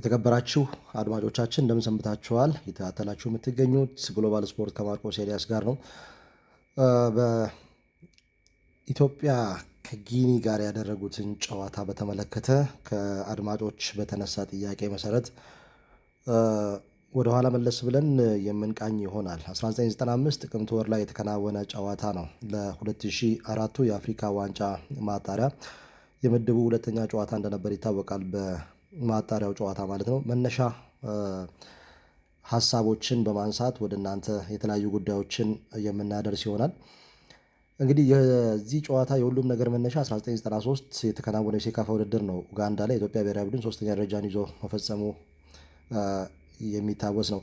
የተከበራችሁ አድማጮቻችን እንደምን ሰንብታችኋል? የተከታተላችሁ የምትገኙት ግሎባል ስፖርት ከማርቆስ ኤልያስ ጋር ነው። በኢትዮጵያ ከጊኒ ጋር ያደረጉትን ጨዋታ በተመለከተ ከአድማጮች በተነሳ ጥያቄ መሰረት ወደኋላ መለስ ብለን የምንቃኝ ይሆናል። 1995 ጥቅምት ወር ላይ የተከናወነ ጨዋታ ነው። ለ2004ቱ የአፍሪካ ዋንጫ ማጣሪያ የምድቡ ሁለተኛ ጨዋታ እንደነበር ይታወቃል። ማጣሪያው ጨዋታ ማለት ነው መነሻ ሀሳቦችን በማንሳት ወደ እናንተ የተለያዩ ጉዳዮችን የምናደርስ ይሆናል። እንግዲህ የዚህ ጨዋታ የሁሉም ነገር መነሻ 1993 የተከናወነ የሴካፋ ውድድር ነው። ኡጋንዳ ላይ የኢትዮጵያ ብሔራዊ ቡድን ሶስተኛ ደረጃን ይዞ መፈጸሙ የሚታወስ ነው።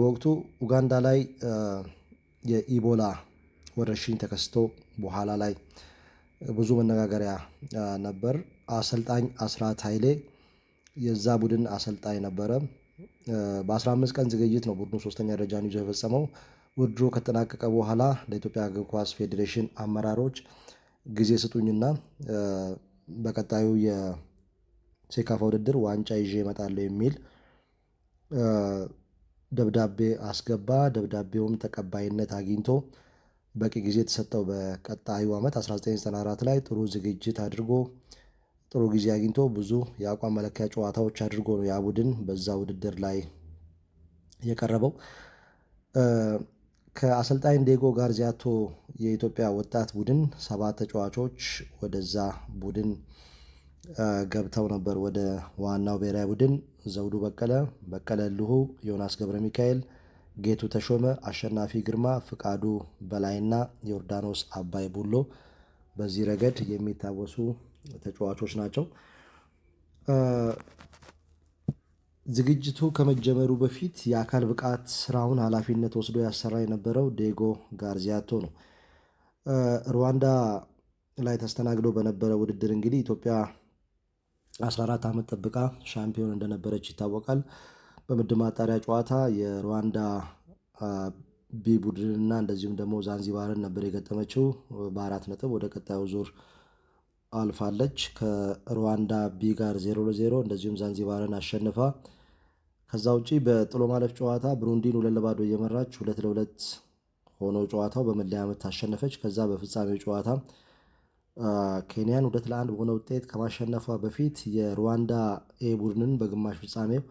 በወቅቱ ኡጋንዳ ላይ የኢቦላ ወረርሽኝ ተከስቶ በኋላ ላይ ብዙ መነጋገሪያ ነበር። አሰልጣኝ አስራት ኃይሌ የዛ ቡድን አሰልጣኝ ነበረ። በ15 ቀን ዝግጅት ነው ቡድኑ ሶስተኛ ደረጃን ይዞ የፈጸመው። ውድድሩ ከተጠናቀቀ በኋላ ለኢትዮጵያ እግር ኳስ ፌዴሬሽን አመራሮች ጊዜ ስጡኝና በቀጣዩ የሴካፋ ውድድር ዋንጫ ይዤ እመጣለሁ የሚል ደብዳቤ አስገባ። ደብዳቤውም ተቀባይነት አግኝቶ በቂ ጊዜ የተሰጠው በቀጣዩ ዓመት 1994 ላይ ጥሩ ዝግጅት አድርጎ ጥሩ ጊዜ አግኝቶ ብዙ የአቋም መለኪያ ጨዋታዎች አድርጎ ነው ያ ቡድን በዛ ውድድር ላይ የቀረበው። ከአሰልጣኝ ዴጎ ጋርዚያቶ የኢትዮጵያ ወጣት ቡድን ሰባት ተጫዋቾች ወደዛ ቡድን ገብተው ነበር። ወደ ዋናው ብሔራዊ ቡድን ዘውዱ በቀለ፣ በቀለ ልሁ፣ ዮናስ ገብረ ሚካኤል፣ ጌቱ ተሾመ፣ አሸናፊ ግርማ፣ ፍቃዱ በላይና ዮርዳኖስ አባይ ቡሎ በዚህ ረገድ የሚታወሱ ተጫዋቾች ናቸው። ዝግጅቱ ከመጀመሩ በፊት የአካል ብቃት ስራውን ኃላፊነት ወስዶ ያሰራ የነበረው ዴጎ ጋርዚያቶ ነው። ሩዋንዳ ላይ ተስተናግዶ በነበረ ውድድር እንግዲህ ኢትዮጵያ 14 ዓመት ጠብቃ ሻምፒዮን እንደነበረች ይታወቃል። በምድብ ማጣሪያ ጨዋታ የሩዋንዳ ቢ ቡድንና እንደዚሁም ደግሞ ዛንዚባርን ነበር የገጠመችው በአራት ነጥብ ወደ ቀጣዩ ዙር አልፋለች። ከሩዋንዳ ቢ ጋር 0 ለ0 እንደዚሁም ዛንዚባርን አሸንፋ ከዛ ውጪ በጥሎ ማለፍ ጨዋታ ብሩንዲን ሁለት ለባዶ እየመራች ሁለት ለሁለት ሆኖ ጨዋታው በመለያ ምት ታሸነፈች። ከዛ በፍጻሜው ጨዋታ ኬንያን ሁለት ለአንድ በሆነ ውጤት ከማሸነፏ በፊት የሩዋንዳ ኤ ቡድንን በግማሽ ፍጻሜው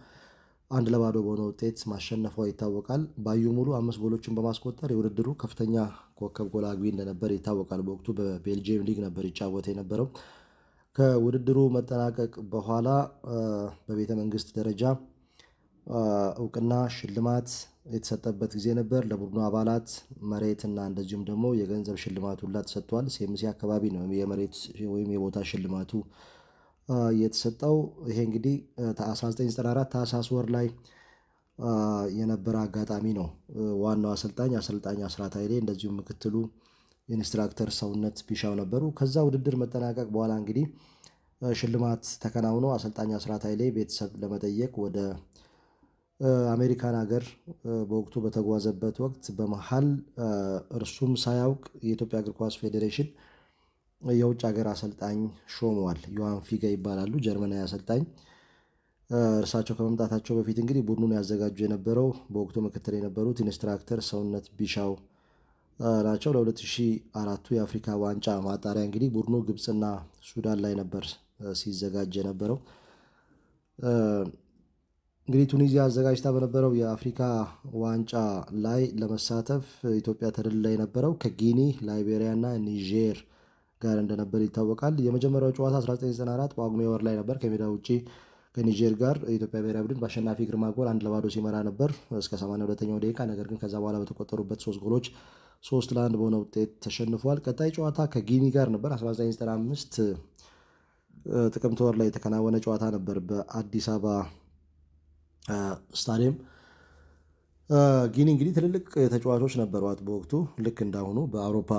አንድ ለባዶ በሆነ ውጤት ማሸነፏ ይታወቃል። ባዩ ሙሉ አምስት ጎሎችን በማስቆጠር የውድድሩ ከፍተኛ ኮከብ ጎል አግቢ እንደነበር ይታወቃል። በወቅቱ በቤልጅየም ሊግ ነበር ይጫወት የነበረው። ከውድድሩ መጠናቀቅ በኋላ በቤተ መንግስት ደረጃ እውቅና ሽልማት የተሰጠበት ጊዜ ነበር። ለቡድኑ አባላት መሬትና እንደዚሁም ደግሞ የገንዘብ ሽልማቱ ሁላ ተሰጥቷል። ሴምሲ አካባቢ ነው የመሬት ወይም የቦታ ሽልማቱ የተሰጠው ይሄ እንግዲህ 1994 ታህሳስ ወር ላይ የነበረ አጋጣሚ ነው። ዋናው አሰልጣኝ አሰልጣኝ አስራት ኃይሌ እንደዚሁም ምክትሉ ኢንስትራክተር ሰውነት ቢሻው ነበሩ። ከዛ ውድድር መጠናቀቅ በኋላ እንግዲህ ሽልማት ተከናውኖ አሰልጣኝ አስራት ኃይሌ ቤተሰብ ለመጠየቅ ወደ አሜሪካን ሀገር በወቅቱ በተጓዘበት ወቅት በመሀል እርሱም ሳያውቅ የኢትዮጵያ እግር ኳስ ፌዴሬሽን የውጭ ሀገር አሰልጣኝ ሾመዋል። ዮሐን ፊጋ ይባላሉ፣ ጀርመናዊ አሰልጣኝ። እርሳቸው ከመምጣታቸው በፊት እንግዲህ ቡድኑን ያዘጋጁ የነበረው በወቅቱ ምክትል የነበሩት ኢንስትራክተር ሰውነት ቢሻው ናቸው። ለ2004ቱ የአፍሪካ ዋንጫ ማጣሪያ እንግዲህ ቡድኑ ግብፅና ሱዳን ላይ ነበር ሲዘጋጅ የነበረው። እንግዲህ ቱኒዚያ አዘጋጅታ በነበረው የአፍሪካ ዋንጫ ላይ ለመሳተፍ ኢትዮጵያ ተደልላ የነበረው ከጊኒ ላይቤሪያና ኒጀር ጋር እንደነበር ይታወቃል። የመጀመሪያው ጨዋታ 1994 በጳጉሜ ወር ላይ ነበር ከሜዳ ውጭ ከኒጀር ጋር የኢትዮጵያ ብሔራዊ ቡድን በአሸናፊ ግርማ ጎል አንድ ለባዶ ሲመራ ነበር እስከ 82ኛው ደቂቃ። ነገር ግን ከዛ በኋላ በተቆጠሩበት ሶስት ጎሎች ሶስት ለአንድ በሆነ ውጤት ተሸንፏል። ቀጣይ ጨዋታ ከጊኒ ጋር ነበር 1995 ጥቅምት ወር ላይ የተከናወነ ጨዋታ ነበር በአዲስ አበባ ስታዲየም። ጊኒ እንግዲህ ትልልቅ ተጫዋቾች ነበሯት በወቅቱ ልክ እንዳሁኑ በአውሮፓ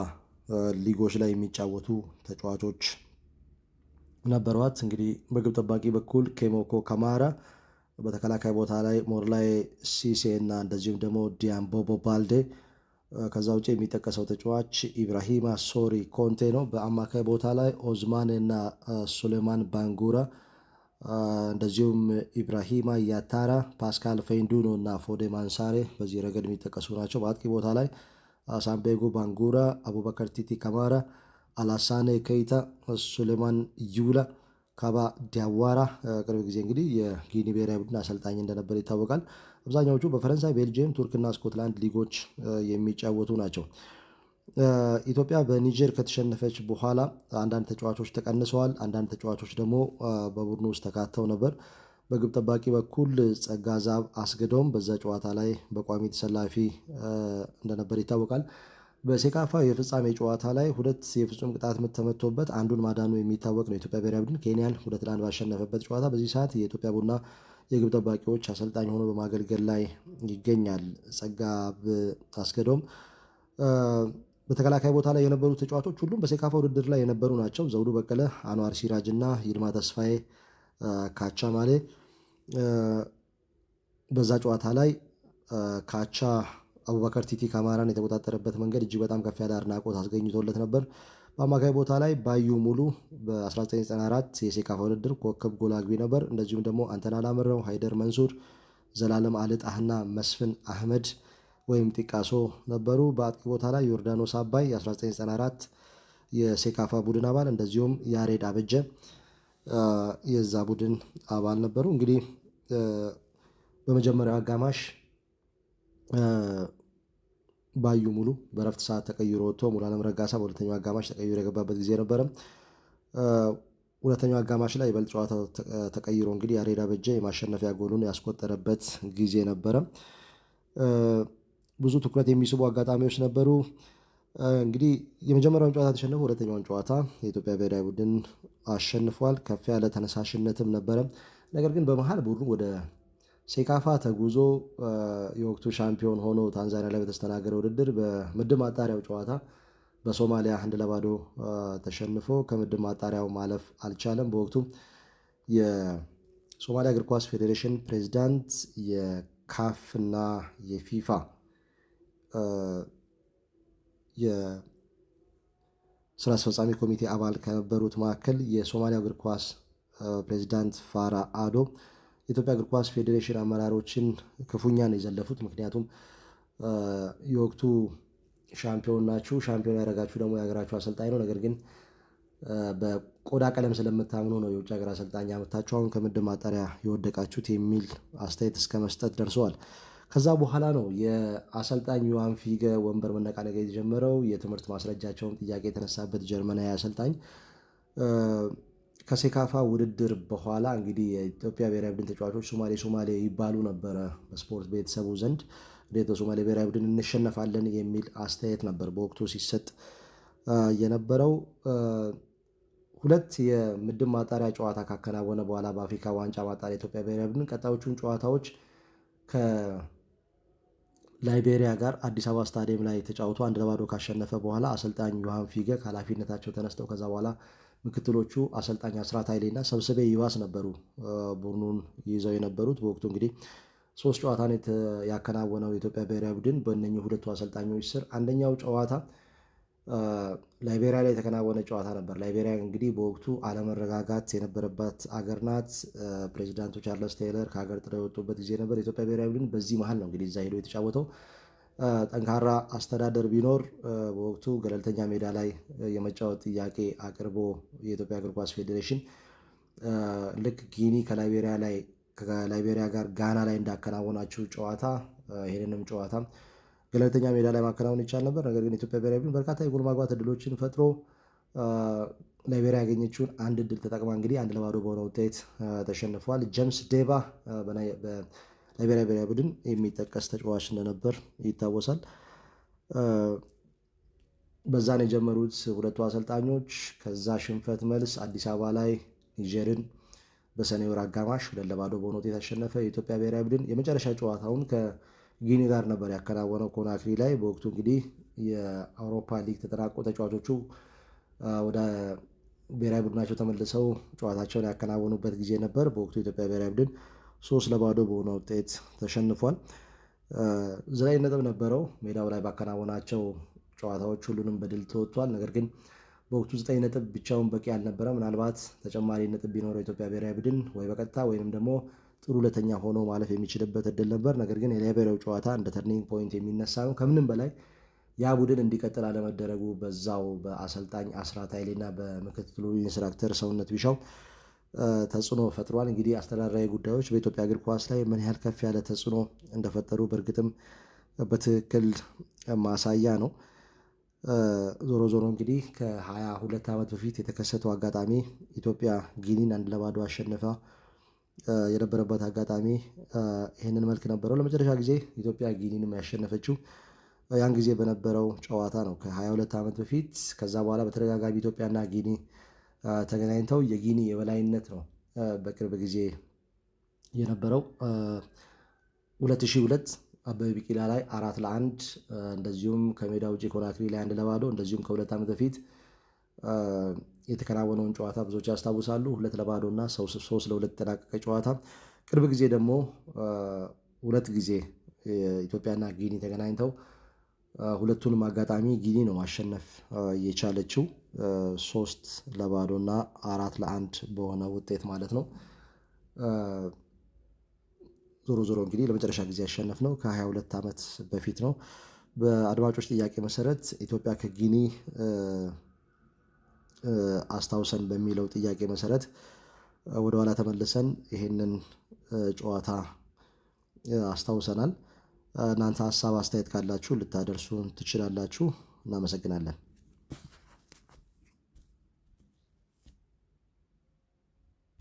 ሊጎች ላይ የሚጫወቱ ተጫዋቾች ነበሯት። እንግዲህ በግብ ጠባቂ በኩል ኬሞኮ ከማራ፣ በተከላካይ ቦታ ላይ ሞርላይ ሲሴ እና እንደዚሁም ደግሞ ዲያምቦቦ ባልዴ፣ ከዛ ውጭ የሚጠቀሰው ተጫዋች ኢብራሂማ ሶሪ ኮንቴ ነው። በአማካይ ቦታ ላይ ኦዝማን እና ሱሌማን ባንጉራ እንደዚሁም ኢብራሂማ ያታራ፣ ፓስካል ፌንዱኖ እና ፎዴ ማንሳሬ በዚህ ረገድ የሚጠቀሱ ናቸው። በአጥቂ ቦታ ላይ Sambeego Bangura, Abubakar Titi Kamara, Alassane ከይታ ሱሌማን ይውላ፣ ካባ ዲያዋራ ቅርብ ጊዜ እንግዲህ የጊኒ ብሔራዊ ቡድን አሰልጣኝ እንደነበር ይታወቃል። አብዛኛዎቹ በፈረንሳይ ቤልጅየም፣ ቱርክና ስኮትላንድ ሊጎች eh, የሚጫወቱ ናቸው። eh, ኢትዮጵያ በኒጀር ከተሸነፈች በኋላ አንዳንድ ተጫዋቾች ተቀንሰዋል። አንዳንድ ተጫዋቾች ደግሞ eh, በቡድኑ ውስጥ ተካተው ነበር። በግብ ጠባቂ በኩል ጸጋ ዛብ አስገዶም በዛ ጨዋታ ላይ በቋሚ ተሰላፊ እንደነበር ይታወቃል። በሴካፋ የፍጻሜ ጨዋታ ላይ ሁለት የፍጹም ቅጣት ምት ተመቶበት አንዱን ማዳኑ የሚታወቅ ነው። የኢትዮጵያ ብሔራዊ ቡድን ኬንያን ሁለት ለአንድ ባሸነፈበት ጨዋታ በዚህ ሰዓት የኢትዮጵያ ቡና የግብ ጠባቂዎች አሰልጣኝ ሆኖ በማገልገል ላይ ይገኛል። ጸጋ አስገዶም በተከላካይ ቦታ ላይ የነበሩ ተጫዋቾች ሁሉም በሴካፋ ውድድር ላይ የነበሩ ናቸው። ዘውዱ በቀለ፣ አኗር ሲራጅ እና ይልማ ተስፋዬ ካቻማሌ በዛ ጨዋታ ላይ ካቻ አቡበከር ቲቲ ካማራን የተቆጣጠረበት መንገድ እጅግ በጣም ከፍ ያለ አድናቆት አስገኝቶለት ነበር። በአማካይ ቦታ ላይ ባዩ ሙሉ በ1994 የሴካፋ ውድድር ኮከብ ጎል አግቢ ነበር። እንደዚሁም ደግሞ አንተና ላምረው፣ ሃይደር መንሱር፣ ዘላለም አልጣህና መስፍን አህመድ ወይም ጢቃሶ ነበሩ። በአጥቂ ቦታ ላይ ዮርዳኖስ አባይ የ1994 የሴካፋ ቡድን አባል እንደዚሁም ያሬድ አበጀ የዛ ቡድን አባል ነበሩ። እንግዲህ በመጀመሪያው አጋማሽ ባዩ ሙሉ በረፍት ሰዓት ተቀይሮ ወጥቶ ሙሉዓለም ረጋሳ በሁለተኛው አጋማሽ ተቀይሮ የገባበት ጊዜ ነበረ። ሁለተኛው አጋማሽ ላይ ይበልጥ ጨዋታው ተቀይሮ እንግዲህ ያሬዳ በጀ የማሸነፊያ ጎሉን ያስቆጠረበት ጊዜ ነበረ። ብዙ ትኩረት የሚስቡ አጋጣሚዎች ነበሩ። እንግዲህ የመጀመሪያውን ጨዋታ ተሸነፈ ሁለተኛውን ጨዋታ የኢትዮጵያ ብሔራዊ ቡድን አሸንፏል። ከፍ ያለ ተነሳሽነትም ነበረ። ነገር ግን በመሀል ቡድኑ ወደ ሴካፋ ተጉዞ የወቅቱ ሻምፒዮን ሆኖ ታንዛኒያ ላይ በተስተናገደ ውድድር በምድብ ማጣሪያው ጨዋታ በሶማሊያ አንድ ለባዶ ተሸንፎ ከምድብ ማጣሪያው ማለፍ አልቻለም። በወቅቱ የሶማሊያ እግር ኳስ ፌዴሬሽን ፕሬዚዳንት የካፍና የፊፋ የስራ አስፈጻሚ ኮሚቴ አባል ከነበሩት መካከል የሶማሊያ እግር ኳስ ፕሬዚዳንት ፋራ አዶ የኢትዮጵያ እግር ኳስ ፌዴሬሽን አመራሮችን ክፉኛ ነው የዘለፉት። ምክንያቱም የወቅቱ ሻምፒዮን ናችሁ፣ ሻምፒዮን ያደረጋችሁ ደግሞ የሀገራችሁ አሰልጣኝ ነው። ነገር ግን በቆዳ ቀለም ስለምታምኑ ነው የውጭ ሀገር አሰልጣኝ አመታችሁ አሁን ከምድብ ማጣሪያ የወደቃችሁት የሚል አስተያየት እስከ መስጠት ደርሰዋል። ከዛ በኋላ ነው የአሰልጣኝ ዮሐን ፊገ ወንበር መነቃነቅ የተጀመረው። የትምህርት ማስረጃቸውን ጥያቄ የተነሳበት ጀርመናዊ አሰልጣኝ ከሴካፋ ውድድር በኋላ እንግዲህ የኢትዮጵያ ብሔራዊ ቡድን ተጫዋቾች ሶማሌ ሶማሌ ይባሉ ነበረ በስፖርት ቤተሰቡ ዘንድ። እንዴት በሶማሌ ብሔራዊ ቡድን እንሸነፋለን የሚል አስተያየት ነበር በወቅቱ ሲሰጥ የነበረው። ሁለት የምድብ ማጣሪያ ጨዋታ ካከናወነ በኋላ በአፍሪካ ዋንጫ ማጣሪያ ኢትዮጵያ ብሔራዊ ቡድን ቀጣዮቹን ጨዋታዎች ላይቤሪያ ጋር አዲስ አበባ ስታዲየም ላይ ተጫውቶ አንድ ለባዶ ካሸነፈ በኋላ አሰልጣኝ ዮሐን ፊገ ከኃላፊነታቸው ተነስተው ከዛ በኋላ ምክትሎቹ አሰልጣኝ አስራት ኃይሌና ሰብስቤ ይባስ ነበሩ ቡድኑን ይዘው የነበሩት። በወቅቱ እንግዲህ ሶስት ጨዋታን ያከናወነው የኢትዮጵያ ብሔራዊ ቡድን በእነኚህ ሁለቱ አሰልጣኞች ስር አንደኛው ጨዋታ ላይቤሪያ ላይ የተከናወነ ጨዋታ ነበር። ላይቤሪያ እንግዲህ በወቅቱ አለመረጋጋት የነበረባት አገር ናት። ፕሬዚዳንቱ ቻርለስ ቴይለር ከሀገር ጥለው የወጡበት ጊዜ ነበር። የኢትዮጵያ ብሔራዊ ቡድን በዚህ መሀል ነው እንግዲህ እዛ ሄዶ የተጫወተው። ጠንካራ አስተዳደር ቢኖር በወቅቱ ገለልተኛ ሜዳ ላይ የመጫወት ጥያቄ አቅርቦ የኢትዮጵያ እግር ኳስ ፌዴሬሽን ልክ ጊኒ ከላይቤሪያ ላይ ከላይቤሪያ ጋር ጋና ላይ እንዳከናወናችው ጨዋታ ይሄንንም ጨዋታም ገለልተኛ ሜዳ ላይ ማከናወን ይቻል ነበር። ነገር ግን ኢትዮጵያ ብሔራዊ ቡድን በርካታ የጎል ማግባት እድሎችን ፈጥሮ ላይቤሪያ ያገኘችውን አንድ እድል ተጠቅማ እንግዲህ አንድ ለባዶ በሆነ ውጤት ተሸንፈዋል። ጀምስ ዴባ በላይቤሪያ ብሔራዊ ቡድን የሚጠቀስ ተጫዋች እንደነበር ይታወሳል። በዛን የጀመሩት ሁለቱ አሰልጣኞች ከዛ ሽንፈት መልስ አዲስ አበባ ላይ ኒጀርን በሰኔ ወር አጋማሽ ሁለት ለባዶ በሆነ ውጤት ያሸነፈ የኢትዮጵያ ብሔራዊ ቡድን የመጨረሻ ጨዋታውን ጊኒ ጋር ነበር ያከናወነው ኮናክሪ ላይ። በወቅቱ እንግዲህ የአውሮፓ ሊግ ተጠናቆ ተጫዋቾቹ ወደ ብሔራዊ ቡድናቸው ተመልሰው ጨዋታቸውን ያከናወኑበት ጊዜ ነበር። በወቅቱ የኢትዮጵያ ብሔራዊ ቡድን ሶስት ለባዶ በሆነ ውጤት ተሸንፏል። ዘጠኝ ነጥብ ነበረው ሜዳው ላይ ባከናወናቸው ጨዋታዎች ሁሉንም በድል ተወጥቷል። ነገር ግን በወቅቱ ዘጠኝ ነጥብ ብቻውን በቂ አልነበረ። ምናልባት ተጨማሪ ነጥብ ቢኖረው የኢትዮጵያ ብሔራዊ ቡድን ወይ በቀጥታ ወይንም ደግሞ ጥሩ ሁለተኛ ሆኖ ማለፍ የሚችልበት እድል ነበር። ነገር ግን የሊበሬው ጨዋታ እንደ ተርኒንግ ፖይንት የሚነሳ ነው። ከምንም በላይ ያ ቡድን እንዲቀጥል አለመደረጉ በዛው በአሰልጣኝ አስራት ኃይሌና በምክትሉ ኢንስትራክተር ሰውነት ቢሻው ተጽዕኖ ፈጥሯል። እንግዲህ አስተዳደራዊ ጉዳዮች በኢትዮጵያ እግር ኳስ ላይ ምን ያህል ከፍ ያለ ተጽዕኖ እንደፈጠሩ በእርግጥም በትክክል ማሳያ ነው። ዞሮ ዞሮ እንግዲህ ከ ሁለት ዓመት በፊት የተከሰተው አጋጣሚ ኢትዮጵያ ጊኒን አንድ ለባዶ አሸንፋ የነበረበት አጋጣሚ ይህንን መልክ ነበረው። ለመጨረሻ ጊዜ ኢትዮጵያ ጊኒንም ያሸነፈችው ያን ጊዜ በነበረው ጨዋታ ነው ከ22 ዓመት በፊት። ከዛ በኋላ በተደጋጋሚ ኢትዮጵያና ጊኒ ተገናኝተው የጊኒ የበላይነት ነው በቅርብ ጊዜ የነበረው 2002 አበበ ቢቂላ ላይ አራት ለአንድ እንደዚሁም ከሜዳ ውጭ ኮናክሪ ላይ አንድ ለባዶ እንደዚሁም ከሁለት ዓመት በፊት የተከናወነውን ጨዋታ ብዙዎች ያስታውሳሉ። ሁለት ለባዶ እና ሶስት ለሁለት የተጠናቀቀ ጨዋታ። ቅርብ ጊዜ ደግሞ ሁለት ጊዜ ኢትዮጵያና ጊኒ ተገናኝተው ሁለቱንም አጋጣሚ ጊኒ ነው ማሸነፍ የቻለችው ሶስት ለባዶ እና አራት ለአንድ በሆነ ውጤት ማለት ነው። ዞሮ ዞሮ እንግዲህ ለመጨረሻ ጊዜ ያሸነፍ ነው ከ22 ዓመት በፊት ነው። በአድማጮች ጥያቄ መሰረት ኢትዮጵያ ከጊኒ አስታውሰን በሚለው ጥያቄ መሰረት ወደኋላ ተመልሰን ይህንን ጨዋታ አስታውሰናል። እናንተ ሀሳብ አስተያየት ካላችሁ ልታደርሱን ትችላላችሁ። እናመሰግናለን።